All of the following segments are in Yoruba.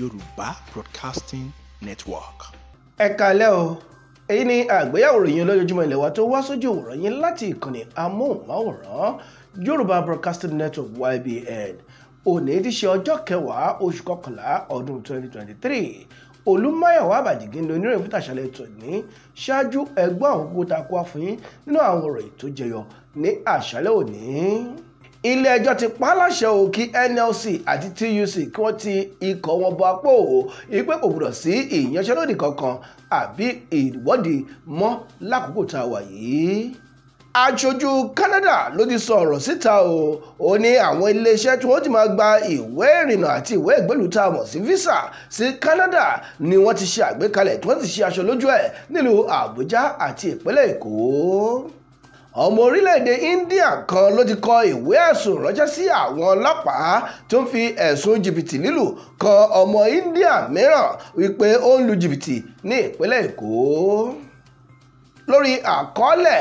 Yorùbá Broadcasting Network. ẹ kalẹ́ o èyí ni àgbéyàwó ìròyìn olójoojúmọ́ ilé wa tó wá sójú òwòrán yín láti ìkànnì amóhùnmáwòrán Yorùbá Broadcasting Network YBN òní ti ṣe ọjọ́ kẹwàá oṣù kọkànlá ọdún 2023 olùmáyọ̀wá àbàdìgí ni oníròyìn fún tàṣálẹ̀ ètò ní ṣáájú ẹgbọ́n àwọn òkúta kó wá fún yín nínú àwọn ọ̀rọ̀ ètò jẹyọ ní àṣálẹ̀ òní ilé ẹjọ́ ti pa á láṣẹ o kí NLC àti TUC kí wọ́n ti ikọ̀ wọn bọ apó o ìpè kò gbọdọ̀ sí ìyanṣẹ́lódì kankan àbí ìwọ́de mọ́ lákòókò tá a wà yìí aṣojú Canada ló ti sọ síta o ó ní àwọn iléeṣẹ́ tí wọ́n ti máa gba ìwé ìrìnnà àti ìwé ìgbélùú tá a mọ̀ sí visa sí Canada ni wọ́n ti ṣe àgbékalẹ̀ tí wọ́n ti ṣe aṣọ lójú ẹ̀ nílùú Àbújá àti ìpínlẹ̀ Èkó ọmọ orílẹ̀-èdè India kan ló ti kọ ìwé ẹ̀sùn ránṣẹ́ sí àwọn ọlọ́pàá tó ń fi ẹ̀sùn jìbìtì lílù kan ọmọ India mìíràn wípé ó ń lu jìbìtì ní ìpínlẹ̀ Èkó lórí àkọọ́lẹ̀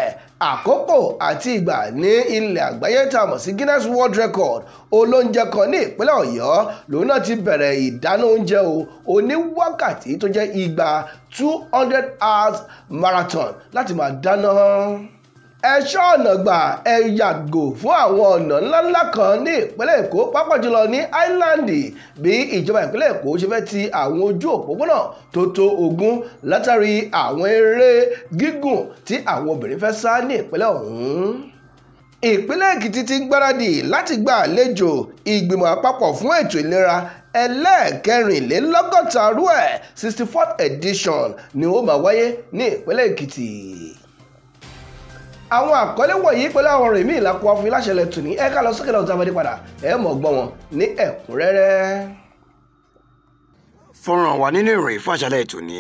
àkókò àti ìgbà ní ilẹ̀ àgbáyé tá a mọ̀ sí Guinness World Record olóúnjẹ kan ní ìpínlẹ̀ Ọ̀yọ́ lòun náà ti bẹ̀rẹ̀ ìdáná oúnjẹ o oní wákàtí tó jẹ́ igba two hundred hours marathon láti máa dáná ẹ ṣọ́ ọ̀nà gbà ẹ yàgò fún àwọn ọ̀nà ńláńlá kan ní ìpínlẹ̀ èkó pápá jùlọ ní áìláńdì bí ìjọba ìpínlẹ̀ èkó ṣe fẹ́ ti àwọn ojú òpópónà tó tó ogún látàrí àwọn eré gígùn tí àwọn obìnrin fẹ́ sá ní ìpínlẹ̀ ọ̀hún ìpínlẹ̀ èkìtì ti ń gbáradì láti gba àlejò ìgbìmọ̀ àpapọ̀ fún ètò ìlera ẹlẹ́ẹ̀kẹrìnlélọ́gọ́ta rú ẹ̀ sixty fourth edition ni ó máa wáyé ní ìpínlẹ̀ èkìtì àwọn àkọlé wọ̀nyí pẹ̀lú àwọn ọ̀rọ̀ ìmí ìlàkùn afún iláṣẹlẹ̀ tù ní ẹ ká lọ sókè lọ́dún tá a bá dé padà ẹ mọ̀ gbọ́ wọn ní ẹ̀kúnrẹ́rẹ́. fọ́nrán wa nínú ìròyìn fún àṣálẹ́ tòní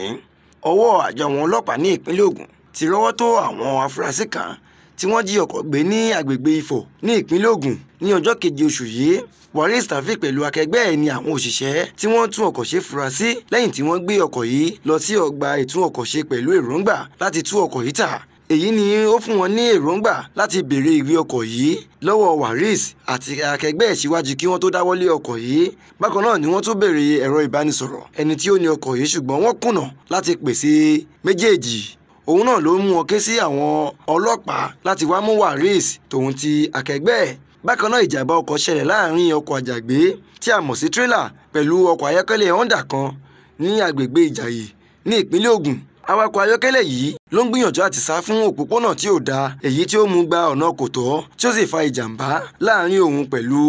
ọwọ́ àjọ àwọn ọlọ́pàá ní ìpínlẹ̀ Ògùn ti rọ́wọ́ tó àwọn afurasí kan tí wọ́n jí ọkọ̀ gbé ní agbègbè Ifọ̀ ní ìpínlẹ̀ Ògùn ní ọjọ́ keje oṣù yìí Waris Tafiq pẹ̀lú akẹgbẹ́ ẹ̀ ni àwọn òṣìṣẹ́ tí wọ́n tún ọkọ̀ ṣe fura sí lẹ́yìn tí wọ́n gbé ọkọ̀ yìí lọ sí ọgbà ìtún ọkọ̀ ṣe pẹ̀lú èròǹgbà láti tú ọkọ̀ yìí tà èyí ni ó fún wọn ní èròǹgbà láti béèrè ìwé ọkọ̀ yìí lọ́wọ́ waris àti akẹgbẹ́ ẹ̀ kí wọ́n tó dáwọ́lé ọkọ̀ yìí bákan náà ni wọ́n tún béèrè ẹ̀rọ ìbánisọ̀rọ̀ ẹni tí ó ní ọkọ̀ yìí ṣùgbọ́n wọ́n kùnà láti pèsè méjèèjì òun náà ló mú wọn ké sí àwọn ọlọ́pàá láti wá mú waris tòun ti akẹgbẹ́ bákan náà ìjàmbá ọkọ̀ ṣẹlẹ̀ láàrin ọkọ̀ àjàgbé tí a mọ̀ sí tírélà pẹ̀lú ọkọ̀ ayọ́kẹ́lẹ́ honda kan ní agbègbè ìjàyè ní ìpínlẹ̀ Ògùn awakọ̀ ayọ́kẹ́lẹ́ yìí ló ń gbìyànjú àti sá fún òpópónà tí ò dáa èyí tí ó mú gba ọ̀nà kò tọ́ tí ó sì fa ìjàmbá láàrin òun pẹ̀lú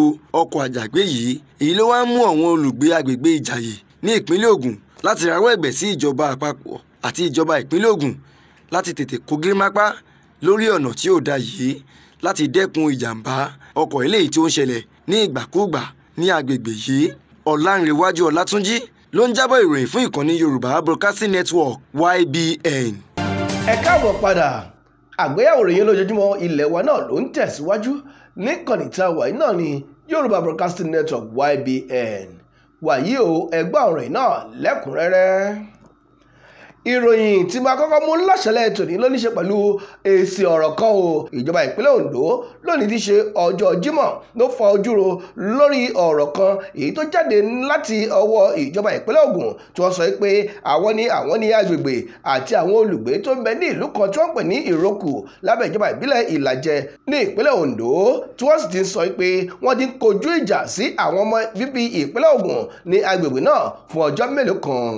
ọkọ̀ àjàgbé yìí èyí ló wá ń mú àwọn olùgbé agbègbè ìjàyè ní ìpínlẹ̀ Ògùn láti rawọ́ ẹ̀bẹ̀ sí ìjọba àpapọ̀ àti ìjọba ìpínlẹ̀ Ògùn láti tètè kó gírímápá lórí ọ̀nà tí ò dáa yìí láti dẹ́kun ìjàmbá ọkọ̀ eléyìí tí ó ń ló ń jábọ̀ ìròyìn fún ìkànnì Yorùbá Broadcasting Network YBN. ẹ káàbọ̀ padà àgbéyẹ̀wò ìròyìn lójoojúmọ́ ilẹ̀ wa náà ló ń tẹ̀síwájú níkànnì tá a wà náà ni Yorùbá Broadcasting Network YBN wàyí o ẹgbọ́n ọ̀rọ̀ náà lẹ́kùnrẹ́rẹ́ ìròyìn tí mo kọ́kọ́ mú lọ́sẹ̀lẹ̀ tòní ló ní ṣe pẹ̀lú èsì ọ̀rọ̀ kan o ìjọba ìpínlẹ̀ Ondo lónìí ti ṣe ọjọ́ Jímọ̀ ló fa ojúro lórí ọ̀rọ̀ kan èyí tó jáde láti ọwọ́ ìjọba ìpínlẹ̀ Ògùn tí wọ́n sọ pé àwọn ni àwọn ní agbègbè àti àwọn olùgbé tó ń bẹ ní ìlú kan tí wọ́n pè ní Ìrókù lábẹ́ ìjọba ìbílẹ̀ Ìlàjẹ ní ìpínlẹ̀ Ondo tí wọ́n sì ti sọ pé wọ́n ti kojú ìjà sí àwọn ọmọ bíbí ìpínlẹ̀ Ògùn ní agbègbè náà fún ọjọ́ mélòó kan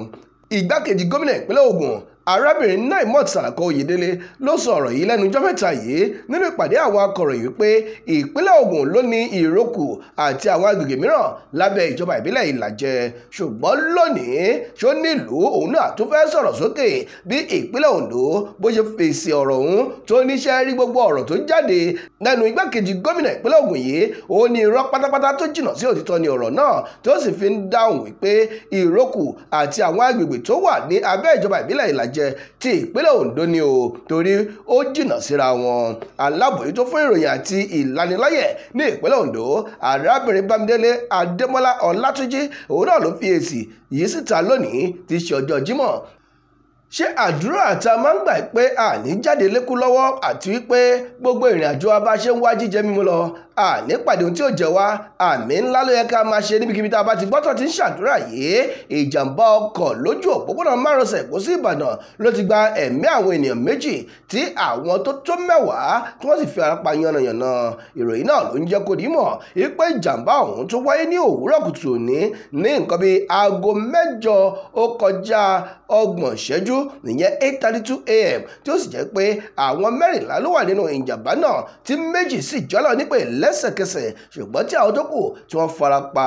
igbákejì gómìnà ìpínlẹ̀ Ògùn arábìnrin naimot sàràkọ oyèdélé ló sọ ọ̀rọ̀ yìí lẹ́nu ọjọ́ mẹ́ta yìí nínú ìpàdé àwọn akọ̀ròyìn pé ìpínlẹ̀ Ògùn ló ní ìrókù àti àwọn agbègbè mìíràn lábẹ́ ìjọba ìbílẹ̀ ìlàjẹ ṣùgbọ́n lónìí ṣó nílùú òun náà tó fẹ́ sọ̀rọ̀ sókè bí ìpínlẹ̀ Ondo bó ṣe fèsì ọ̀rọ̀ ọ̀hún tó níṣẹ́ rí gbogbo ọ̀rọ̀ tó jáde lẹ́nu igbákejì gómìnà ìpínlẹ̀ Ògùn yìí ó ní irọ́ pátápátá tó jìnnà sí òtítọ́ ni ọ̀rọ̀ náà tó sì fi ń dáhùn wípé ìrókù jẹ ti ìpínlẹ̀ Ondo ni o torí ó jìnnà síra wọn alábòójútó fún ìròyìn àti ìlániláyẹ̀ ní ìpínlẹ̀ Ondo arábìnrin Bámidélé Adémọ́lá Ọlátúnjí òun náà ló fi èsì yìí síta lónìí ti ṣe ọjọ́ Jímọ̀ ṣé àdúrà tá a máa ń gbà pé àní jáde lékú lọ́wọ́ àti wípé gbogbo ìrìn àjò abáṣe ń wá jíjẹ mímu lọ ànípàdé ohun tí ò jẹ́ wá àmì ńlá ló yẹ ká máa ṣe níbikíbi tá a bá ti gbọ́tọ̀ ti ń ṣàdúrà yìí ìjàmbá ọkọ̀ lójú òpópónà márosẹ̀ Èkó sí Ìbàdàn ló ti gba ẹ̀mí àwọn ènìyàn méjì tí àwọn tó tó mẹ́wàá tí wọ́n sì fi ara pa yánnayànna ìròyìn náà ló ń jẹ́ kó dìímọ̀ wípé ìjàmbá ọ̀hún tó wáyé ní òwúrọ̀ kùtù ní ní nǹkan bíi aago mẹ́jọ ó kọjá ọgbọ̀n ìṣẹ́jú nìyẹn eight thirty two a.m. tí ó sì jẹ́ pé àwọn mẹ́rìnlá ló wà nínú ìjàmbá náà tí méjì sì jọ́lọ́ nípè lẹ́sẹ̀kẹsẹ̀ ṣùgbọ́n tí àwọn tó kù tí wọ́n fara pa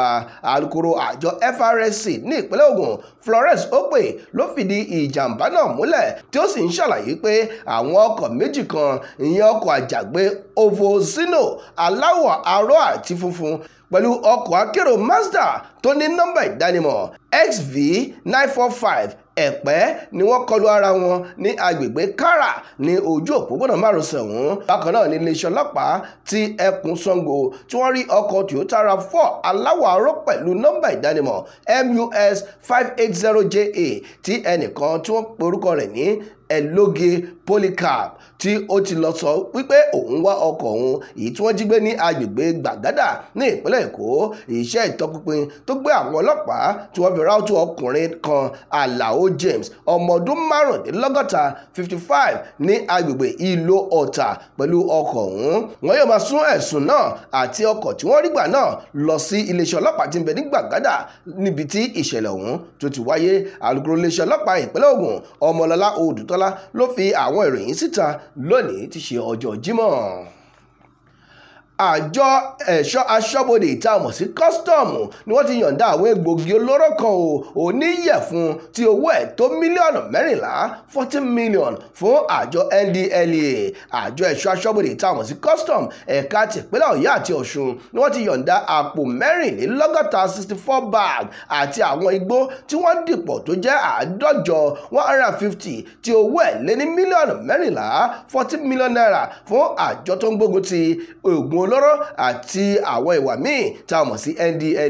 alukoro àjọ FRSC ní ìpínlẹ̀ Ògùn Florence Okpe ló fìdí ìjàmbá náà múlẹ̀ tí ó sì ń ṣàlàyé pé àwọn ọkọ̀ méjì kan ìyẹn ọkọ̀ àjàgbé Ovozino aláwọ̀ aró àti funfun pẹ̀lú ọkọ̀ akérò mazda tó ní nọ́mbà ìdánimọ̀ xv nine four five ẹ̀pẹ́ ni wọ́n kọlu ara wọn ní agbègbè kára ní ojú òpópónà márosẹ̀ ọ̀hún bákan náà ní iléeṣẹ́ ọlọ́pàá ti ẹkùn Ṣàngó tí wọ́n rí ọkọ̀ toyota rav4 aláwọ̀ aró pẹ̀lú nọ́mbà ìdánimọ̀ mus five eight zero ja tí ẹnìkan tí wọ́n pe rẹ̀ ní ẹlóge Polycarp tí ó ti lọ sọ wípé òun wá ọkọ̀ òun èyí tí wọ́n jí gbé ní agbègbè Gbàgádà ní ìpínlẹ̀ Èkó iṣẹ́ ìtọpinpin tó gbé àwọn ọlọ́pàá tí wọ́n fi ráútú ọkùnrin kan Alao James ọmọ ọdún márùndínlọ́gọ́ta fifty five ní agbègbè Ìlò Ọ̀tà pẹ̀lú ọkọ̀ òun wọn yóò máa sún ẹ̀sùn náà àti ọkọ̀ tí wọ́n rí gbà náà lọ sí iléeṣẹ́ ọlọ́pàá tí ń bẹ ní Gbàgádà níbi tí ìṣẹ̀lẹ̀ ọ̀hún tó ti wáyé alukoro iléeṣẹ́ ọlọ́pàá ìpínlẹ̀ Ògùn Ọmọlọlá Odùtọ́lá ló fi àwọn àwọn ìròyìn síta lónìí ti ṣe ọjọ́ Jímọ̀ àjọ ẹ̀ṣọ́ aṣọ́bodè tá a mọ̀ sí kọ́sítọ́ọ̀mù ni wọ́n ti yọ̀ǹda àwọn egbògi olóró kan o oníyẹ̀fun tí owó ẹ̀ tó mílíọ̀nù mẹ́rìnlá fourteen million fún àjọ NDLEA àjọ ẹ̀ṣọ́ aṣọ́bodè tá a mọ̀ sí custom ẹ̀ka tìpínlẹ̀ ọ̀yọ́ àti ọ̀ṣun ni wọ́n ti yọ̀ǹda àpò mẹ́rìnlélọ́gọ́ta sixty four bag àti àwọn igbó tí wọ́n dìpọ̀ tó jẹ́ àádọ́jọ one hundred and fifty tí owó ẹ̀ lé ní mílíọ̀nù mẹ́rìnlá million naira fún àjọ tó ń olóró àti àwọn ìwà míì tá a mọ̀ sí NDLEA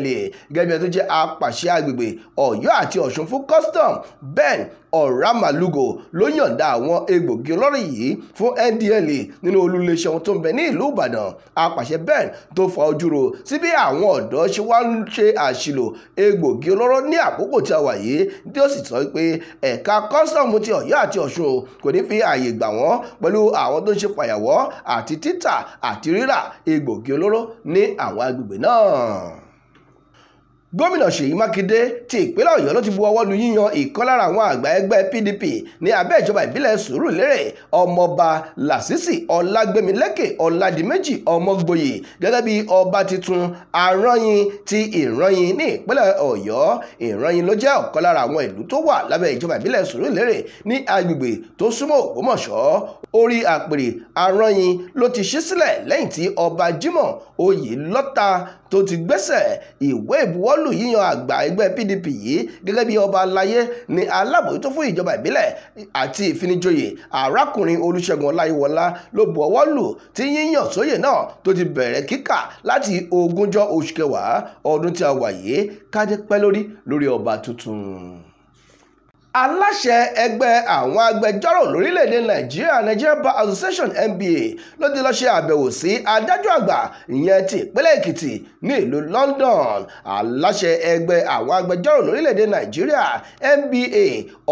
gẹ́gẹ́ bí ẹni tó jẹ́ apàṣẹ agbègbè Ọ̀yọ́ àti Ọ̀ṣun fún custom Ben Ọ̀ràmàlúgò ló yọ̀ǹda àwọn egbògi olóró yìí fún NDLEA nínú olúléeṣẹ́ ohun tó ń bẹ ní ìlú Ìbàdàn apàṣẹ Ben tó fa ojúro sí bí àwọn ọ̀dọ́ ṣe wá ń ṣe àṣìlò egbògi olóró ní àkókò tí a wà yìí tí ó sì sọ pé ẹ̀ka custom ti Ọ̀yọ́ àti Ọ̀ṣun kò ní fi ààyè gbà wọ́n pẹ̀lú àwọn tó ń ṣe pàyàwọ́ àti títà àti rírà egbògi olóró ní àwọn agbègbè náà gómìnà ṣèyí mákindé ti ìpínlẹ̀ ọ̀yọ́ ló ti bu ọwọ́ lu yíyan ìkan lára àwọn àgbà ẹgbẹ́ pdp ní abẹ́ ìjọba ìbílẹ̀ sùúrùlérè ọmọọba lásìsì ọlágbémilékè ọládìméjì ọmọgboyè gẹ́gẹ́ bí ọba tuntun arányin ti ìranyin ní ìpínlẹ̀ ọ̀yọ́ ìranyin ló jẹ́ ọ̀kan lára àwọn ìlú tó wà lábẹ́ ìjọba ìbílẹ̀ sùúrùlérè ní agbègbè tó súnmọ́ ògbómọ̀ṣọ́ orí àpèrè arányin ló ti ṣí sílẹ̀ lẹ́yìn tí ọba jimoh oyèlọ́ta tó ti gbẹ́sẹ̀ ìwé ìbuwọ́lù yíyan àgbà ẹgbẹ́ PDP yìí gẹ́gẹ́ bí ọba aláyé ni alábòójútó fún ìjọba ìbílẹ̀ àti ìfinijoyè arákùnrin olùṣègùn ọláyíwọlá ló bu ọwọ́ lù tí yíyan sóyè náà tó ti bẹ̀rẹ̀ kíkà láti ogúnjọ́ oṣù kẹwàá ọdún tí a wà yìí kájẹ́ lórí lórí ọba tuntun. aláṣẹ ẹgbẹ́ àwọn agbẹjọ́rò lórílẹ̀‐èdè nàìjíríà nigeria bar association nba ló ti lọ́ọ́ ṣe àbẹ̀wò sí adájọ́ àgbà ìyẹn ti ìpínlẹ̀ èkìtì ní ìlú london aláṣẹ ẹgbẹ́ àwọn agbẹjọ́rò lórílẹ̀‐èdè nàìjíríà nba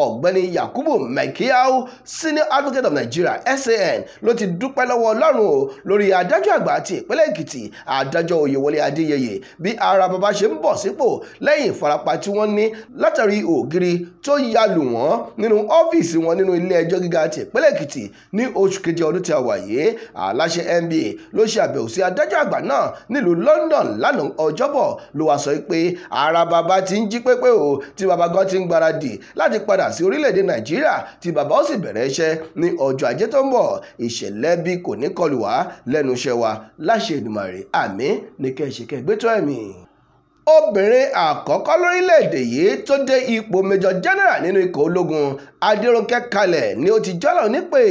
ọ̀gbẹ́ni yakubu mekiau senior advocate of nigeria san ló ti dúpẹ́ lọ́wọ́ ọlọ́run o lórí adájọ́ àgbà ti ìpínlẹ̀ èkìtì adájọ́ oyèwọlé adéyẹyẹ bí ara bàbá ṣe ń bọ̀ sípò lẹ́yìn ìfarapa tí wọ́n ní látàrí ògiri tó yalù lù wọ́n nínú ọ́fíìsì wọn nínú ilé ẹjọ́ gíga ti ìpínlẹ̀ èkìtì ní oṣù keje ọdún tí a wà yìí aláṣẹ nba ló ṣe àbẹ̀wò sí adájọ́ àgbà náà nílùú london lánàá ọjọ́bọ̀ ló wá sọ pé ara bàbá ti ń jí pépé o tí bàbá gan ti ń gbaradì láti padà sí orílẹ̀-èdè nàìjíríà tí bàbá ó sì bẹ̀rẹ̀ iṣẹ́ ní ọjọ́ ajé tó ń bọ̀ ìṣẹ̀lẹ̀ bí kò ní kọlù wá lẹ́nu iṣẹ́ wa láṣẹ Èdùmàrè àmín obìnrin àkọ́kọ́ lórílẹ̀‐èdè yìí tó dé ipò major general nínú ikọ̀ ológun adéròǹkẹ́ kalẹ̀ ni ó ti jọ́lọ̀ nípè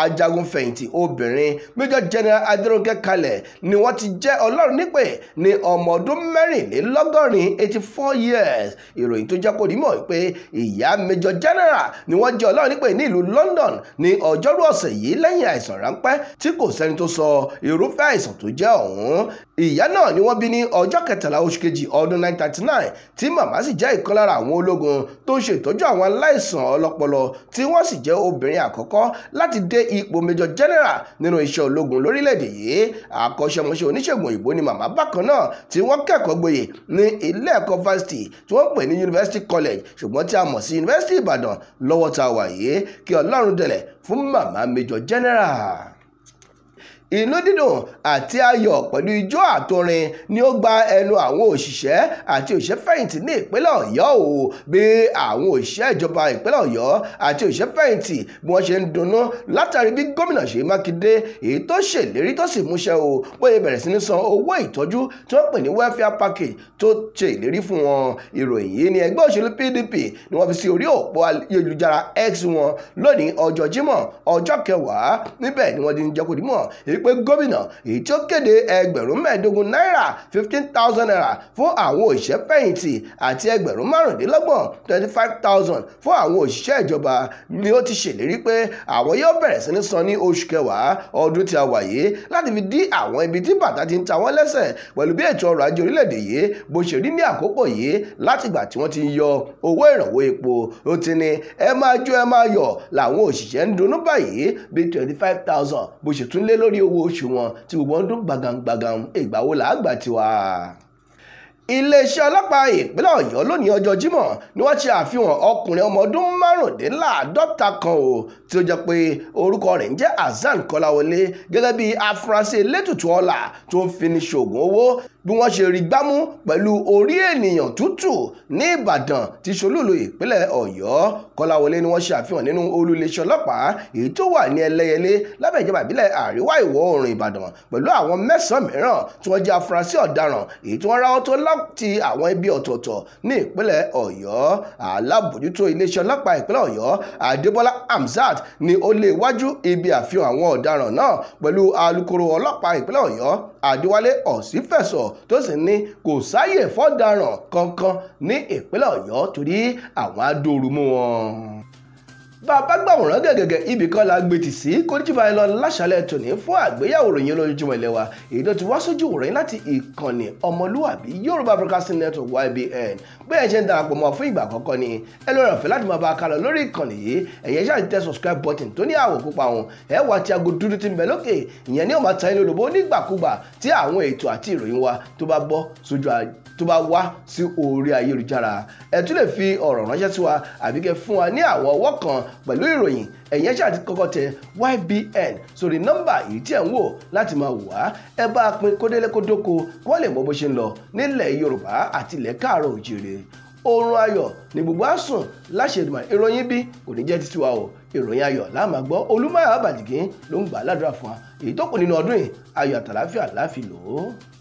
ajagunfẹ̀yìntì obìnrin major general adéròǹkẹ́ kalẹ̀ ni wọ́n ti jẹ́ ọlọ́run nípè ní ọmọ ọdún mẹ́rìnlélọ́gọ́rin eighty four years ìròyìn tó jẹ́ kó di mọ̀ pé ìyá major general ni wọ́n jẹ́ ọlọ́run nípè ní ìlú London ní ọjọ́rú ọ̀sẹ̀ yìí lẹ́yìn àìsàn ráńpẹ́ tí kò sẹ́ni tó sọ irúfẹ́ àìsàn tó jẹ́ ọ̀hún ìyá náà ni wọ́n bí ní ọjọ́ kẹtàlá oṣù kejì ọdún 1939 tí màmá sì jẹ́ ìkan lára àwọn ológun tó ń ṣètọ́jú àwọn aláìsàn ọlọ́pọlọ tí wọ́n sì jẹ́ obìnrin àkọ́kọ́ láti dé ipò major general nínú iṣẹ́ ológun lórílẹ̀‐èdè yìí àkọ́ṣẹ́mọṣẹ́ oníṣègùn òyìnbó ni màmá bákan náà tí wọ́n kẹ́kọ̀ọ́ gboyè ní ilé ẹ̀kọ́ varsity tí wọ́n pè ní university college ṣùgbọ́n tí a mọ̀ sí university Ìbàdàn lọ́wọ́ tá a wà yìí kí Ọlọ́run dẹ̀lẹ̀ fún màmá major general inú dídùn àti ayọ̀ pẹ̀lú ijó àtorin ni ó gba ẹnu àwọn òṣìṣẹ́ àti òṣìṣẹ́fẹ̀yìntì ní ìpínlẹ̀ ọ̀yọ́ o bí àwọn òṣìṣẹ́ ìjọba ìpínlẹ̀ ọ̀yọ́ àti òṣìṣẹ́fẹ̀yìntì bí wọ́n ṣe ń dunnú látàrí bí gómìnà ṣèyí mákindé èyí tó ṣèlérí tó sì múṣẹ o bóyá bẹ̀rẹ̀ sí ní san owó ìtọ́jú tí wọ́n pè ní welfare package tó ṣe ìlérí fún wọn ìròyìn pdp ni wọ́n fi sí orí òpó ayélujára x wọn lónìí ọjọ́ ni wọ́n ti ń jẹ́ kó pé gómìnà èyí tí ó kéde ẹgbẹ̀rún mẹ́ẹ̀ẹ́dógún náírà fifteen thousand naira fún àwọn òṣìṣẹ́ fẹ̀yìntì àti ẹgbẹ̀rún márùndínlọ́gbọ̀n twenty five thousand fún àwọn òṣìṣẹ́ ìjọba ni ó ti ṣèlérí pé àwọn yóò bẹ̀rẹ̀ sí ní san ní oṣù kẹwàá ọdún tí a wà yìí láti fi dí àwọn ibi tí bàtà ti ń ta wọ́n lẹ́sẹ̀ pẹ̀lú bí ètò ọrọ̀ ajé orílẹ̀-èdè yìí bó ṣe rí ní àkókò yìí látìgbà tí wọ́n ti yọ owó ìrànwọ́ epo ó ti ní ẹ máa jó ẹ máa yọ̀ làwọn òṣìṣẹ́ ń dunnú báyìí bíi twenty five thousand bó ṣe tún lé lórí owó owó oṣù wọn tí gbogbo ń dún gbàgàngbàgàn ìgbà wo làá gbà tiwa iléeṣẹ́ ọlọ́pàá ìpínlẹ̀ ọ̀yọ́ lónìí ọjọ́ jímọ̀ ni wọ́n ṣe àfihàn ọkùnrin ọmọ ọdún márùndínláàádọ́ta kan o tí ó jẹ́ pé orúkọ rẹ̀ ń jẹ́ hasan kọ́láwọlé gẹ́gẹ́ bí afurasí elétùtù ọlà tó ń fini ṣoògùn owó bí wọ́n ṣe rí gbámú pẹ̀lú orí ènìyàn tútù ní ìbàdàn ti ṣolúlu ìpínlẹ̀ ọ̀yọ́ kọ́láwọlé ni wọ́n ṣe àfihàn nínú olú ọlọ́pàá èyí tó wà ní ẹlẹ́yẹlé lábẹ́ ìbílẹ̀ àríwá ìwọ̀ oòrùn ìbàdàn pẹ̀lú àwọn mẹ́sàn-án mìíràn tí wọ́n jẹ́ afurasí ọ̀daràn èyí tí wọ́n ráwọ́ tó láti àwọn ibi ọ̀tọ̀ọ̀tọ̀ ní ìpínlẹ̀ ọ̀yọ́ àdíwálé ọ̀sífẹ̀sọ̀ tó sì ní kò sáàyè fọ́daràn kankan ní ìpínlẹ̀ ọ̀yọ́ torí àwọn adóorùmú wọn bá a bá gbàwòrán gẹ̀gẹ̀gẹ̀ ibì kan la gbé tì sí kódìjìbá ẹ lọ láṣálẹ̀ tòní fún àgbéyàwó ròyìn olójoojúmọ́ ilé wa èyí tó ti wá sójú wòrán láti ìkànnì ọmọlúwàbí yorùbá broadcasting network ybn bóyá ẹ ṣe ń darapọ̀ mọ́ fún ìgbà àkọ́kọ́ ni ẹ lọ́ọ́ rọ̀fẹ́ láti máa bá a kálọ lórí ìkànnì yìí ẹ̀yẹ́ ṣáà ti tẹ subscribe button tó ní àwọ̀ pupa wọn ẹ wà tí aago dúdú ti ń bẹ lókè ìyẹn ní ọmọ tayé lólobó nígbàkúgbà tí àwọn ètò àti ìròyìn wa tó bá bọ́ sójú tó bá wá sí orí ayélujára ẹ tún lè fi ọ̀rọ̀ ránṣẹ́ sí wa àbí kẹ́ fún wa ní àwọn ọwọ́ kan pẹ̀lú ìròyìn ẹ̀yẹn ṣáà ti kọ́kọ́ tẹ YBN sórí nọ́mbà yìí tí ẹ̀ ń wò láti máa wà á ẹ bá a pín kódélé kódóko kó wọ́n lè mọ bó ṣe ń lọ nílẹ̀ Yorùbá àti ilẹ̀ káàárọ̀ òjìrè oorun ayọ̀ ní gbogbo àsùn láṣẹdùmọ ìròyìn bí kò ní jẹ́ títí wa o ìròyìn ayọ̀ la máa gbọ́ olúmọ àbàdìgín ló ń gbà á ládùúrà fún wa èyí tó kù nínú ọdún yìí ayọ̀ àtàláfíà láfi lò ó.